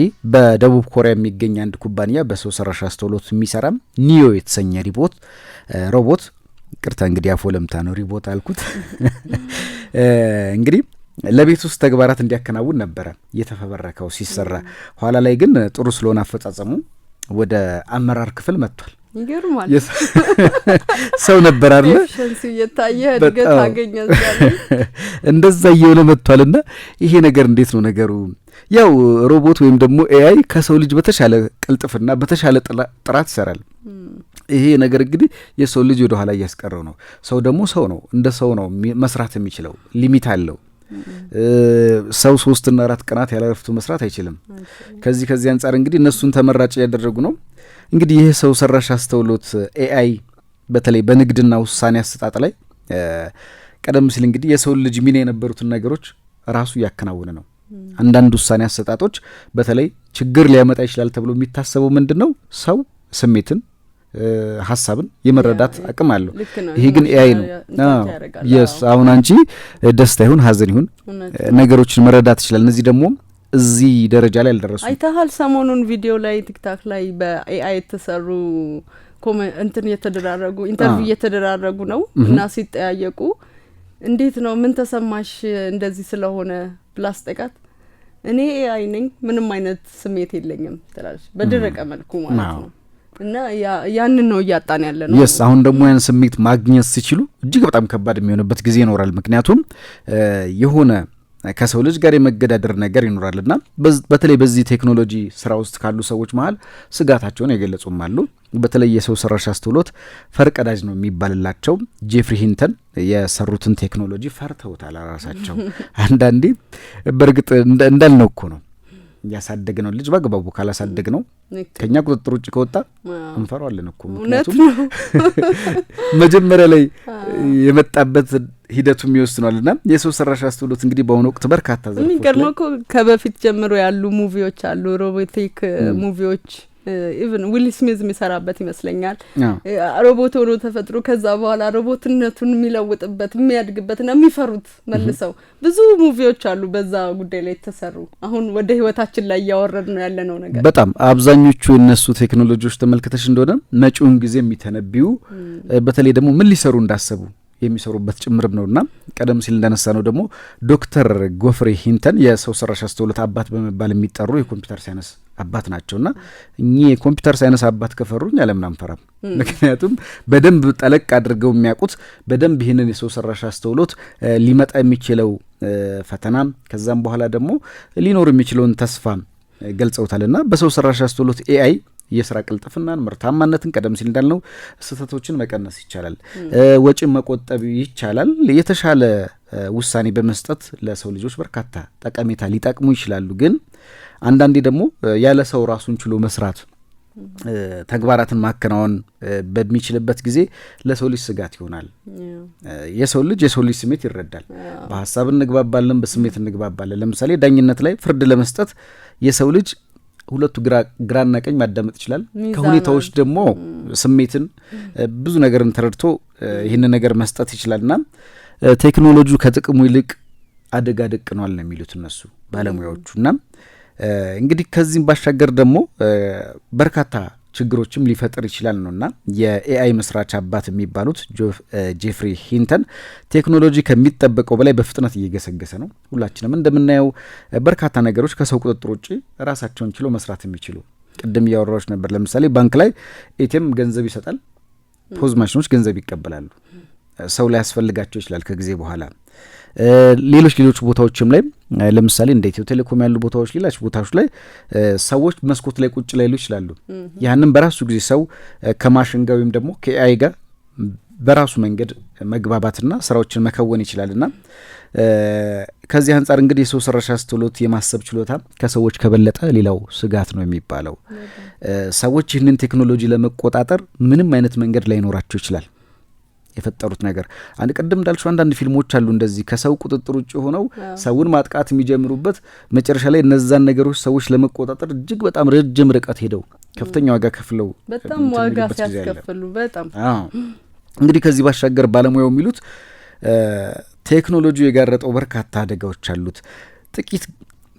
እንግዲህ በደቡብ ኮሪያ የሚገኝ አንድ ኩባንያ በሰው ሰራሽ አስተውሎት የሚሰራም ኒዮ የተሰኘ ሪቦት ሮቦት ቅርታ እንግዲህ አፎ ለምታ ነው ሪቦት አልኩት። እንግዲህ ለቤት ውስጥ ተግባራት እንዲያከናውን ነበረ የተፈበረከው ሲሰራ። ኋላ ላይ ግን ጥሩ ስለሆነ አፈጻጸሙ ወደ አመራር ክፍል መጥቷል። ይገርማል። ሰው ነበር አለ እየታየ እድገት አገኘ እንደዛ እየሆነ መጥቷል። እና ይሄ ነገር እንዴት ነው ነገሩ? ያው ሮቦት ወይም ደግሞ ኤአይ ከሰው ልጅ በተሻለ ቅልጥፍና በተሻለ ጥራት ይሰራል። ይሄ ነገር እንግዲህ የሰው ልጅ ወደ ኋላ እያስቀረው ነው። ሰው ደግሞ ሰው ነው፣ እንደ ሰው ነው መስራት የሚችለው። ሊሚት አለው። ሰው ሶስትና አራት ቀናት ያለረፍቱ መስራት አይችልም። ከዚህ ከዚህ አንጻር እንግዲህ እነሱን ተመራጭ እያደረጉ ነው። እንግዲህ ይህ ሰው ሰራሽ አስተውሎት ኤአይ በተለይ በንግድና ውሳኔ አሰጣጥ ላይ ቀደም ሲል እንግዲህ የሰው ልጅ ሚና የነበሩትን ነገሮች ራሱ እያከናወነ ነው። አንዳንድ ውሳኔ አሰጣጦች በተለይ ችግር ሊያመጣ ይችላል ተብሎ የሚታሰበው ምንድን ነው? ሰው ስሜትን ሀሳብን የመረዳት አቅም አለው። ይሄ ግን ኤአይ ነው። የስ አሁን አንቺ ደስታ ይሁን ሀዘን ይሁን ነገሮችን መረዳት ይችላል። እነዚህ ደግሞ እዚህ ደረጃ ላይ አልደረሱ። አይተሃል ሰሞኑን ቪዲዮ ላይ ቲክታክ ላይ በኤአይ የተሰሩ እንትን እየተደራረጉ ኢንተርቪው እየተደራረጉ ነው እና ሲጠያየቁ እንዴት ነው ምን ተሰማሽ እንደዚህ ስለሆነ ብላስጠቃት እኔ አይ ነኝ ምንም አይነት ስሜት የለኝም ትላለች፣ በደረቀ መልኩ ማለት ነው። እና ያንን ነው እያጣን ያለ ነው። የስ አሁን ደግሞ ያን ስሜት ማግኘት ሲችሉ እጅግ በጣም ከባድ የሚሆንበት ጊዜ ይኖራል። ምክንያቱም የሆነ ከሰው ልጅ ጋር የመገዳደር ነገር ይኖራልና በተለይ በዚህ ቴክኖሎጂ ስራ ውስጥ ካሉ ሰዎች መሀል ስጋታቸውን የገለጹም አሉ። በተለይ የሰው ሰራሽ አስተውሎት ፈርቀዳጅ ነው የሚባልላቸው ጄፍሪ ሂንተን የሰሩትን ቴክኖሎጂ ፈርተውታል ራሳቸው። አንዳንዴ በእርግጥ እንዳልነው እኮ ነው እያሳደግ ነው ልጅ በግባቡ ካላሳደግ ነው ከእኛ ቁጥጥር ውጭ ከወጣ እንፈራዋለን እኮ። ምክንያቱም መጀመሪያ ላይ የመጣበት ሂደቱም ይወስኗል ና የሰው ሰራሽ አስተውሎት እንግዲህ በአሁኑ ወቅት በርካታ ዘ ከበፊት ጀምሮ ያሉ ሙቪዎች አሉ ሮቦቲክ ሙቪዎች ኢቨን ዊል ስሚዝ የሚሰራበት ይመስለኛል። ሮቦት ሆኖ ተፈጥሮ ከዛ በኋላ ሮቦትነቱን የሚለውጥበት የሚያድግበትና የሚፈሩት መልሰው ብዙ ሙቪዎች አሉ በዛ ጉዳይ ላይ የተሰሩ። አሁን ወደ ህይወታችን ላይ እያወረድ ነው ነው ነገር በጣም አብዛኞቹ እነሱ ቴክኖሎጂዎች ተመልክተሽ እንደሆነ መጪውን ጊዜ የሚተነቢዩ በተለይ ደግሞ ምን ሊሰሩ እንዳሰቡ የሚሰሩበት ጭምርም ነውና ቀደም ሲል እንዳነሳ ነው ደግሞ ዶክተር ጎፍሬ ሂንተን የሰው ሰራሽ አስተውሎት አባት በመባል የሚጠሩ የኮምፒውተር ሳይንስ አባት ናቸውና እኚህ የኮምፒውተር ሳይንስ አባት ከፈሩኝ አለምን አንፈራም? ምክንያቱም በደንብ ጠለቅ አድርገው የሚያውቁት በደንብ ይህንን የሰው ሰራሽ አስተውሎት ሊመጣ የሚችለው ፈተናም ከዛም በኋላ ደግሞ ሊኖር የሚችለውን ተስፋ ገልጸውታል በሰው ሰራሽ አስተውሎት ኤአይ የስራ ቅልጥፍናን፣ ምርታማነትን ቀደም ሲል እንዳልነው ስህተቶችን መቀነስ ይቻላል፣ ወጪን መቆጠብ ይቻላል። የተሻለ ውሳኔ በመስጠት ለሰው ልጆች በርካታ ጠቀሜታ ሊጠቅሙ ይችላሉ። ግን አንዳንዴ ደግሞ ያለ ሰው ራሱን ችሎ መስራት ተግባራትን ማከናወን በሚችልበት ጊዜ ለሰው ልጅ ስጋት ይሆናል። የሰው ልጅ የሰው ልጅ ስሜት ይረዳል። በሀሳብ እንግባባለን፣ በስሜት እንግባባለን። ለምሳሌ ዳኝነት ላይ ፍርድ ለመስጠት የሰው ልጅ ሁለቱ ግራና ቀኝ ማዳመጥ ይችላል። ከሁኔታዎች ደግሞ ስሜትን ብዙ ነገርን ተረድቶ ይህንን ነገር መስጠት ይችላልና ቴክኖሎጂ ከጥቅሙ ይልቅ አደጋ ደቅኗል ነው የሚሉት እነሱ ባለሙያዎቹ። እናም እንግዲህ ከዚህም ባሻገር ደግሞ በርካታ ችግሮችም ሊፈጥር ይችላል ነውና የኤአይ መስራች አባት የሚባሉት ጄፍሪ ሂንተን ቴክኖሎጂ ከሚጠበቀው በላይ በፍጥነት እየገሰገሰ ነው። ሁላችንም እንደምናየው በርካታ ነገሮች ከሰው ቁጥጥር ውጭ ራሳቸውን ችሎ መስራት የሚችሉ ቅድም እያወራዎች ነበር። ለምሳሌ ባንክ ላይ ኤቲኤም ገንዘብ ይሰጣል፣ ፖዝ ማሽኖች ገንዘብ ይቀበላሉ። ሰው ሊያስፈልጋቸው ይችላል ከጊዜ በኋላ። ሌሎች ሌሎች ቦታዎችም ላይ ለምሳሌ እንደ ኢትዮ ቴሌኮም ያሉ ቦታዎች፣ ሌላች ቦታዎች ላይ ሰዎች መስኮት ላይ ቁጭ ላይሉ ይችላሉ። ያንም በራሱ ጊዜ ሰው ከማሽን ጋር ወይም ደግሞ ከኤአይ ጋር በራሱ መንገድ መግባባትና ስራዎችን መከወን ይችላልና ከዚህ አንጻር እንግዲህ የሰው ሰራሽ አስተውሎት የማሰብ ችሎታ ከሰዎች ከበለጠ ሌላው ስጋት ነው የሚባለው። ሰዎች ይህንን ቴክኖሎጂ ለመቆጣጠር ምንም አይነት መንገድ ላይኖራቸው ይችላል። የፈጠሩት ነገር አንድ ቅድም እንዳልሽው አንዳንድ ፊልሞች አሉ እንደዚህ ከሰው ቁጥጥር ውጭ ሆነው ሰውን ማጥቃት የሚጀምሩበት መጨረሻ ላይ እነዛን ነገሮች ሰዎች ለመቆጣጠር እጅግ በጣም ረጅም ርቀት ሄደው ከፍተኛ ዋጋ ከፍለው በጣም ዋጋ ሲያስከፍሉ በጣም እንግዲህ ከዚህ ባሻገር ባለሙያው የሚሉት ቴክኖሎጂው የጋረጠው በርካታ አደጋዎች አሉት። ጥቂት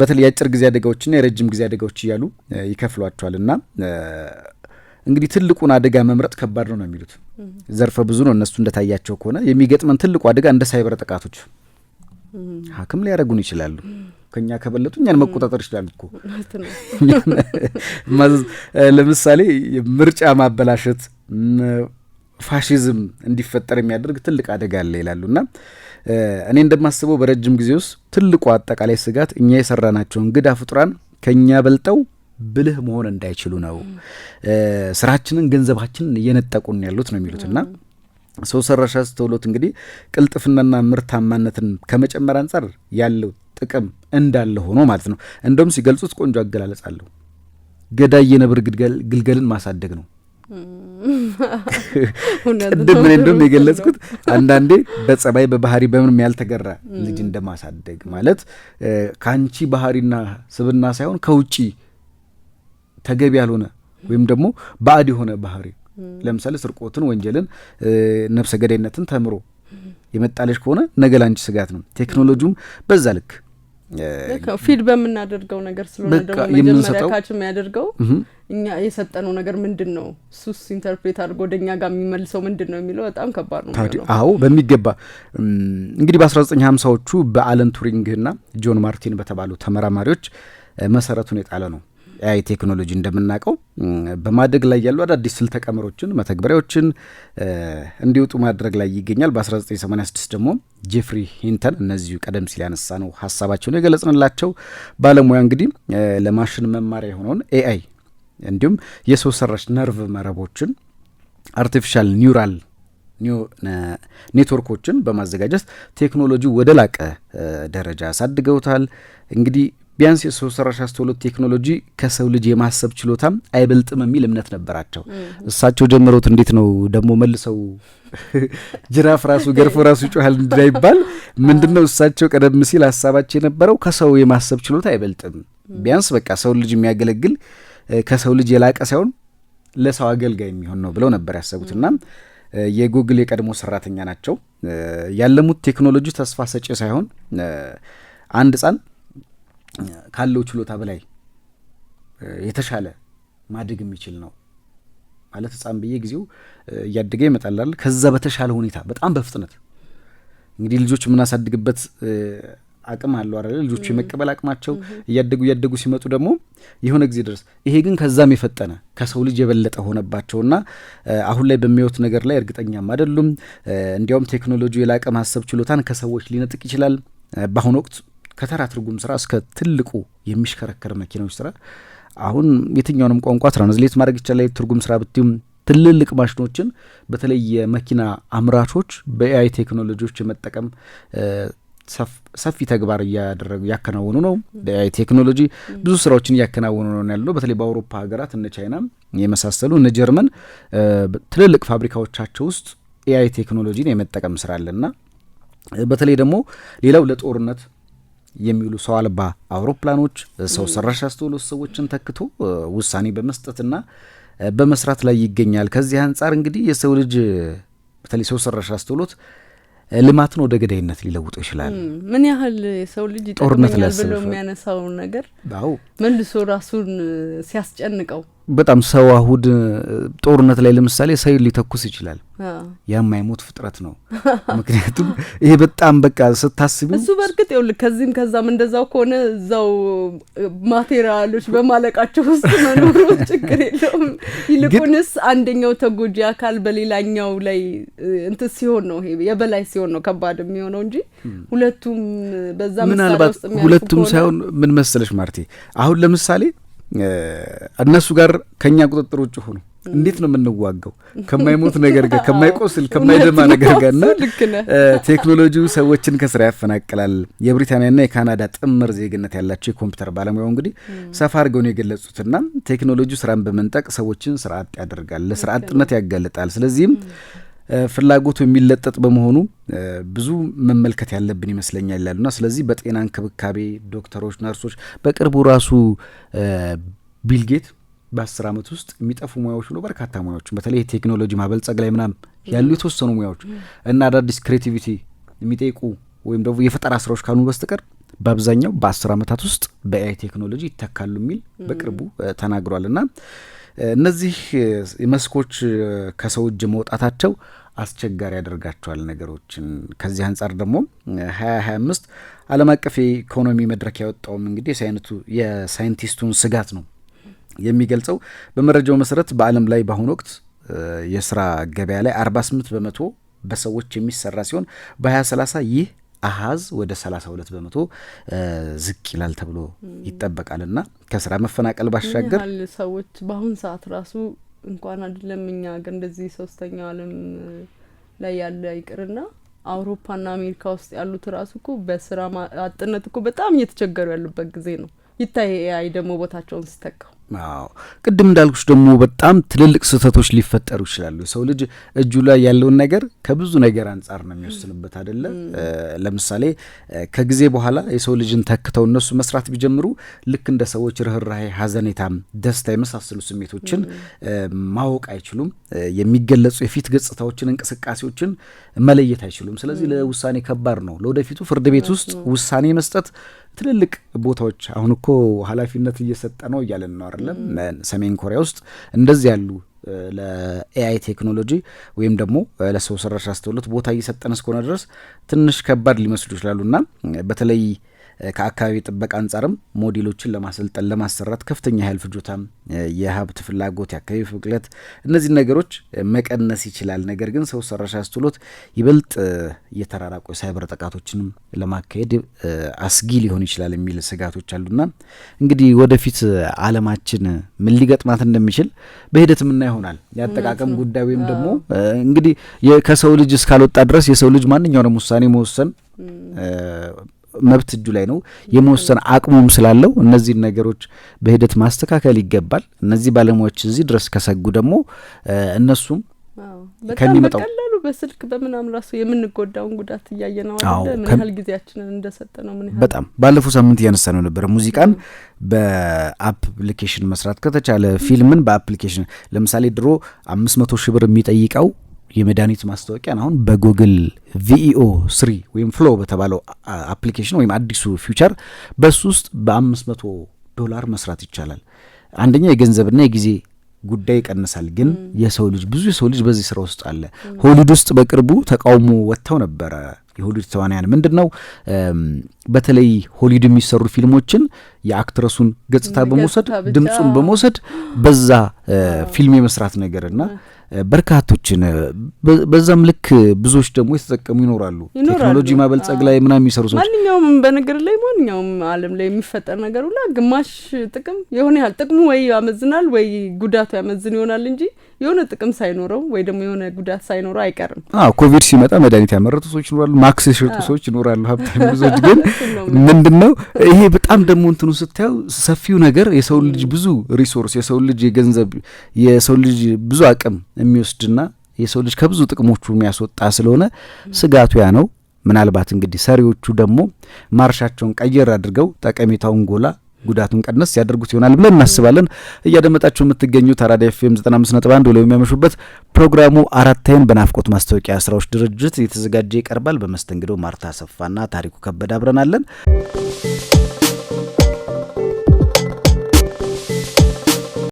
በተለይ የአጭር ጊዜ አደጋዎችና የረጅም ጊዜ አደጋዎች እያሉ ይከፍሏቸዋል እና እንግዲህ ትልቁን አደጋ መምረጥ ከባድ ነው ነው የሚሉት። ዘርፈ ብዙ ነው። እነሱ እንደታያቸው ከሆነ የሚገጥመን ትልቁ አደጋ እንደ ሳይበር ጥቃቶች ሀክም ሊያደርጉን ይችላሉ። ከኛ ከበለጡ እኛን መቆጣጠር ይችላሉ እኮ። ለምሳሌ ምርጫ ማበላሸት፣ ፋሽዝም እንዲፈጠር የሚያደርግ ትልቅ አደጋ አለ ይላሉ እና እኔ እንደማስበው በረጅም ጊዜ ውስጥ ትልቁ አጠቃላይ ስጋት እኛ የሰራናቸውን እንግዳ ፍጡራን ከኛ በልጠው ብልህ መሆን እንዳይችሉ ነው። ስራችንን፣ ገንዘባችንን እየነጠቁን ያሉት ነው የሚሉት እና ሰው ሰራሽ አስተውሎት እንግዲህ ቅልጥፍናና ምርታማነትን ከመጨመር አንጻር ያለው ጥቅም እንዳለ ሆኖ ማለት ነው። እንደውም ሲገልጹት ቆንጆ አገላለጽ አለው። ገዳይ የነብር ግልገልን ማሳደግ ነው። ቅድም ምን እንደም የገለጽኩት አንዳንዴ በጸባይ በባህሪ በምንም ያልተገራ ልጅ እንደማሳደግ ማለት ከአንቺ ባህሪና ስብና ሳይሆን ከውጪ ተገቢ ያልሆነ ወይም ደግሞ ባዕድ የሆነ ባህሪ ለምሳሌ ስርቆትን፣ ወንጀልን፣ ነፍሰ ገዳይነትን ተምሮ የመጣለች ከሆነ ነገ ላንቺ ስጋት ነው። ቴክኖሎጂውም በዛ ልክ ፊድ በምናደርገው ነገር ስለሆነ ደግሞ የሚያደርገው እኛ የሰጠነው ነገር ምንድን ነው፣ እሱስ ኢንተርፕሬት አድርጎ ወደ እኛ ጋር የሚመልሰው ምንድን ነው የሚለው በጣም ከባድ ነው። አዎ በሚገባ እንግዲህ በ1950ዎቹ በአለን ቱሪንግና ጆን ማርቲን በተባሉ ተመራማሪዎች መሰረቱን የጣለ ነው። ኤአይ ቴክኖሎጂ እንደምናውቀው በማደግ ላይ ያሉ አዳዲስ ስልተ ቀመሮችን መተግበሪያዎችን እንዲወጡ ማድረግ ላይ ይገኛል። በ1986 ደግሞ ጄፍሪ ሂንተን እነዚሁ ቀደም ሲል ያነሳ ነው ሀሳባቸውን የገለጽንላቸው ባለሙያ እንግዲህ ለማሽን መማሪያ የሆነውን ኤአይ እንዲሁም የሰው ሰራሽ ነርቭ መረቦችን አርቲፊሻል ኒውራል ኔትወርኮችን በማዘጋጀት ቴክኖሎጂ ወደ ላቀ ደረጃ አሳድገውታል። እንግዲህ ቢያንስ የሰው ሰራሽ አስተውሎት ቴክኖሎጂ ከሰው ልጅ የማሰብ ችሎታም አይበልጥም የሚል እምነት ነበራቸው። እሳቸው ጀምሮት እንዴት ነው ደግሞ መልሰው ጅራፍ ራሱ ገርፎ ራሱ ጮኋል እንዳይባል ምንድን ነው እሳቸው ቀደም ሲል ሀሳባቸው የነበረው ከሰው የማሰብ ችሎታ አይበልጥም፣ ቢያንስ በቃ ሰው ልጅ የሚያገለግል ከሰው ልጅ የላቀ ሳይሆን ለሰው አገልጋይ የሚሆን ነው ብለው ነበር ያሰቡትና የጉግል የቀድሞ ሰራተኛ ናቸው። ያለሙት ቴክኖሎጂ ተስፋ ሰጪ ሳይሆን አንድ ህጻን ካለው ችሎታ በላይ የተሻለ ማደግ የሚችል ነው ማለት ህፃን ብዬ ጊዜው እያደገ ይመጣላል። ከዛ በተሻለ ሁኔታ በጣም በፍጥነት እንግዲህ ልጆች የምናሳድግበት አቅም አለው አለ ልጆቹ የመቀበል አቅማቸው እያደጉ እያደጉ ሲመጡ ደግሞ የሆነ ጊዜ ድረስ ይሄ ግን ከዛም የፈጠነ ከሰው ልጅ የበለጠ ሆነባቸውና አሁን ላይ በሚያዩት ነገር ላይ እርግጠኛም አይደሉም። እንዲያውም ቴክኖሎጂ የላቀ ማሰብ ችሎታን ከሰዎች ሊነጥቅ ይችላል። በአሁኑ ወቅት ከተራ ትርጉም ስራ እስከ ትልቁ የሚሽከረከር መኪናዎች ስራ አሁን የትኛውንም ቋንቋ ትራንስሌት ማድረግ ይቻላል። ትርጉም ስራ ብትም ትልልቅ ማሽኖችን በተለይ የመኪና አምራቾች በኤአይ ቴክኖሎጂዎች የመጠቀም ሰፊ ተግባር እያደረጉ እያከናወኑ ነው። በኤአይ ቴክኖሎጂ ብዙ ስራዎችን እያከናወኑ ነው ያለ ነው። በተለይ በአውሮፓ ሀገራት እነ ቻይና የመሳሰሉ እነ ጀርመን ትልልቅ ፋብሪካዎቻቸው ውስጥ ኤአይ ቴክኖሎጂን የመጠቀም ስራ አለና በተለይ ደግሞ ሌላው ለጦርነት የሚውሉ ሰው አልባ አውሮፕላኖች ሰው ሰራሽ ሰዎችን ተክቶ ውሳኔ በመስጠትና በመስራት ላይ ይገኛል። ከዚህ አንጻር እንግዲህ የሰው ልጅ በተለይ ሰው ሰራሽ አስተውሎት ልማትን ወደ ገዳይነት ሊለውጡ ይችላል። ምን ያህል የሰው ልጅ ጦርነት ብሎ የሚያነሳው ነገር መልሶ ራሱን ሲያስጨንቀው በጣም ሰው አሁድ ጦርነት ላይ ለምሳሌ ሰው ሊተኩስ ይችላል። የማይሞት ፍጥረት ነው። ምክንያቱም ይሄ በጣም በቃ ስታስቢ እሱ በእርግጥ ይኸውልህ ከዚህም ከዛም እንደዛው ከሆነ እዛው ማቴሪያሎች በማለቃቸው ውስጥ መኖሩ ችግር የለውም። ይልቁንስ አንደኛው ተጎጂ አካል በሌላኛው ላይ እንትን ሲሆን ነው ይሄ የበላይ ሲሆን ነው ከባድ የሚሆነው እንጂ ሁለቱም በዛ ምናልባት ሁለቱም ሳይሆን ምን መሰለሽ ማርቴ አሁን ለምሳሌ እነሱ ጋር ከእኛ ቁጥጥር ውጭ ሆኑ። እንዴት ነው የምንዋጋው? ከማይሞት ነገር ጋር፣ ከማይቆስል ከማይደማ ነገር ጋር እና ቴክኖሎጂው ሰዎችን ከስራ ያፈናቅላል። የብሪታንያና የካናዳ ጥምር ዜግነት ያላቸው የኮምፒውተር ባለሙያው እንግዲህ ሰፋ አድርገውን የገለጹትና ቴክኖሎጂ ስራን በመንጠቅ ሰዎችን ስራ አጥ ያደርጋል፣ ለስራ አጥነት ያጋልጣል። ስለዚህም ፍላጎቱ የሚለጠጥ በመሆኑ ብዙ መመልከት ያለብን ይመስለኛል ይላሉና ስለዚህ በጤና እንክብካቤ ዶክተሮች፣ ነርሶች በቅርቡ ራሱ ቢልጌት በአስር ዓመት ውስጥ የሚጠፉ ሙያዎች ብሎ በርካታ ሙያዎች በተለይ የቴክኖሎጂ ማበልጸግ ላይ ምናም ያሉ የተወሰኑ ሙያዎች እና አዳዲስ ክሬቲቪቲ የሚጠይቁ ወይም ደግሞ የፈጠራ ስራዎች ካሉ በስተቀር በአብዛኛው በአስር ዓመታት ውስጥ በኤአይ ቴክኖሎጂ ይተካሉ የሚል በቅርቡ ተናግሯል እና እነዚህ መስኮች ከሰው እጅ መውጣታቸው አስቸጋሪ ያደርጋቸዋል ነገሮችን። ከዚህ አንጻር ደግሞ 2025 ዓለም አቀፍ የኢኮኖሚ መድረክ ያወጣውም እንግዲህ የሳይንቲስቱን ስጋት ነው የሚገልጸው። በመረጃው መሰረት በዓለም ላይ በአሁኑ ወቅት የስራ ገበያ ላይ 48 በመቶ በሰዎች የሚሰራ ሲሆን በ2030 ይህ አሀዝ ወደ 32 በመቶ ዝቅ ይላል ተብሎ ይጠበቃልና ከስራ መፈናቀል ባሻገር ሰዎች በአሁን ሰዓት ራሱ እንኳን አይደለም እኛ ሀገር እንደዚህ ሶስተኛው ዓለም ላይ ያለ ይቅርና አውሮፓና አሜሪካ ውስጥ ያሉት ራሱ እኮ በስራ አጥነት እኮ በጣም እየተቸገሩ ያሉበት ጊዜ ነው። ይታይ አይ ደግሞ ቦታቸውን ሲተካው አዎ ቅድም እንዳልኩሽ ደግሞ በጣም ትልልቅ ስህተቶች ሊፈጠሩ ይችላሉ። የሰው ልጅ እጁ ላይ ያለውን ነገር ከብዙ ነገር አንጻር ነው የሚወስንበት አይደለ? ለምሳሌ ከጊዜ በኋላ የሰው ልጅን ተክተው እነሱ መስራት ቢጀምሩ ልክ እንደ ሰዎች ርኅራሄ፣ ሐዘኔታም፣ ደስታ የመሳሰሉ ስሜቶችን ማወቅ አይችሉም። የሚገለጹ የፊት ገጽታዎችን፣ እንቅስቃሴዎችን መለየት አይችሉም። ስለዚህ ለውሳኔ ከባድ ነው። ለወደፊቱ ፍርድ ቤት ውስጥ ውሳኔ መስጠት ትልልቅ ቦታዎች አሁን እኮ ኃላፊነት እየሰጠ ነው እያለን ነው አይደለም። ሰሜን ኮሪያ ውስጥ እንደዚህ ያሉ ለኤአይ ቴክኖሎጂ ወይም ደግሞ ለሰው ሰራሽ አስተውሎት ቦታ እየሰጠን እስከሆነ ድረስ ትንሽ ከባድ ሊመስሉ ይችላሉና በተለይ ከአካባቢ ጥበቃ አንጻርም ሞዴሎችን ለማሰልጠን ለማሰራት ከፍተኛ ያህል ፍጆታም፣ የሀብት ፍላጎት፣ የአካባቢ ፍቅለት እነዚህ ነገሮች መቀነስ ይችላል። ነገር ግን ሰው ሰራሽ አስተውሎት ይበልጥ እየተራራቁ የሳይበር ጥቃቶችንም ለማካሄድ አስጊ ሊሆን ይችላል የሚል ስጋቶች አሉና እንግዲህ ወደፊት አለማችን ምን ሊገጥማት እንደሚችል በሂደት ምና ይሆናል የአጠቃቀም ጉዳይ ወይም ደግሞ እንግዲህ ከሰው ልጅ እስካልወጣ ድረስ የሰው ልጅ ማንኛውንም ውሳኔ መወሰን መብት እጁ ላይ ነው፣ የመወሰን አቅሙም ስላለው እነዚህን ነገሮች በሂደት ማስተካከል ይገባል። እነዚህ ባለሙያዎች እዚህ ድረስ ከሰጉ ደግሞ እነሱም ከሚመጣው በቀላሉ በስልክ በምናም ራሱ የምንጎዳውን ጉዳት እያየ ነው አለ ምን ያህል ጊዜያችንን እንደሰጠ ነው። ምን ያህል በጣም ባለፈው ሳምንት እያነሳ ነው ነበረ ሙዚቃን በአፕሊኬሽን መስራት ከተቻለ ፊልምን በአፕሊኬሽን ለምሳሌ ድሮ አምስት መቶ ሺህ ብር የሚጠይቀው የመድኃኒት ማስታወቂያን አሁን በጉግል ቪኢኦ ስሪ ወይም ፍሎ በተባለው አፕሊኬሽን ወይም አዲሱ ፊውቸር በሱ ውስጥ በአምስት መቶ ዶላር መስራት ይቻላል። አንደኛ የገንዘብና የጊዜ ጉዳይ ይቀንሳል። ግን የሰው ልጅ ብዙ የሰው ልጅ በዚህ ስራ ውስጥ አለ። ሆሊውድ ውስጥ በቅርቡ ተቃውሞ ወጥተው ነበረ። የሆሊውድ ተዋናያን ምንድን ነው በተለይ ሆሊውድ የሚሰሩ ፊልሞችን የአክትረሱን ገጽታ በመውሰድ ድምፁን በመውሰድ በዛ ፊልም የመስራት ነገርና በርካቶችን በዛም ልክ ብዙዎች ደግሞ የተጠቀሙ ይኖራሉ። ቴክኖሎጂ ማበልጸግ ላይ ምናምን የሚሰሩ ሰዎች ማንኛውም በነገር ላይ ማንኛውም ዓለም ላይ የሚፈጠር ነገር ሁላ ግማሽ ጥቅም የሆነ ያህል ጥቅሙ ወይ ያመዝናል ወይ ጉዳቱ ያመዝን ይሆናል እንጂ የሆነ ጥቅም ሳይኖረው ወይ ደግሞ የሆነ ጉዳት ሳይኖረው አይቀርም። ኮቪድ ሲመጣ መድኃኒት ያመረቱ ሰዎች ይኖራሉ፣ ማክስ የሸጡ ሰዎች ይኖራሉ። ሀብታም ብዙዎች ግን ምንድን ነው ይሄ በጣም ደግሞ እንትኑ ስታየው ሰፊው ነገር የሰው ልጅ ብዙ ሪሶርስ የሰው ልጅ የገንዘብ የሰው ልጅ ብዙ አቅም የሚወስድና የሰው ልጅ ከብዙ ጥቅሞቹ የሚያስወጣ ስለሆነ ስጋቱ ያ ነው። ምናልባት እንግዲህ ሰሪዎቹ ደግሞ ማርሻቸውን ቀየር አድርገው ጠቀሜታውን ጎላ ጉዳቱን ቀነስ ያደርጉት ይሆናል ብለን እናስባለን። እያደመጣችሁ የምትገኙት አራዳ ኤፍኤም 1 ብለው የሚያመሹበት ፕሮግራሙ አራታይን በናፍቆት ማስታወቂያ ስራዎች ድርጅት የተዘጋጀ ይቀርባል። በመስተንግዶ ማርታ ሰፋና ታሪኩ ከበደ አብረናለን።